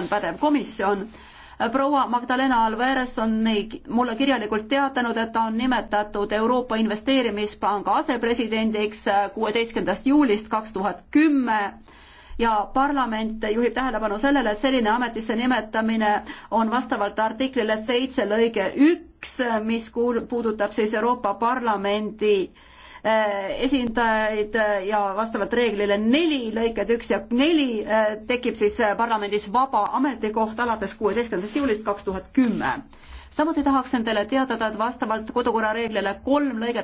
on pädev komisjon. proua Magdalena Alveres on meid, mulle kirjalikult teatanud, et ta on nimetatud Euroopa Investeerimispanga asepresidendiks kuueteistkümnendast juulist kaks tuhat kümme ja parlament juhib tähelepanu sellele, et selline ametisse nimetamine on vastavalt artiklile seitse lõige üks, mis kuul-, puudutab siis Euroopa Parlamendi äh, Äh, esindajaid äh, ja vastavalt reeglile neli, lõiked üks ja neli, äh, tekib siis parlamendis vaba ametikoht alates kuueteistkümnendast juulist kaks tuhat kümme. samuti tahaksin teile teatada, et vastavalt kodukorra reeglile kolm lõiget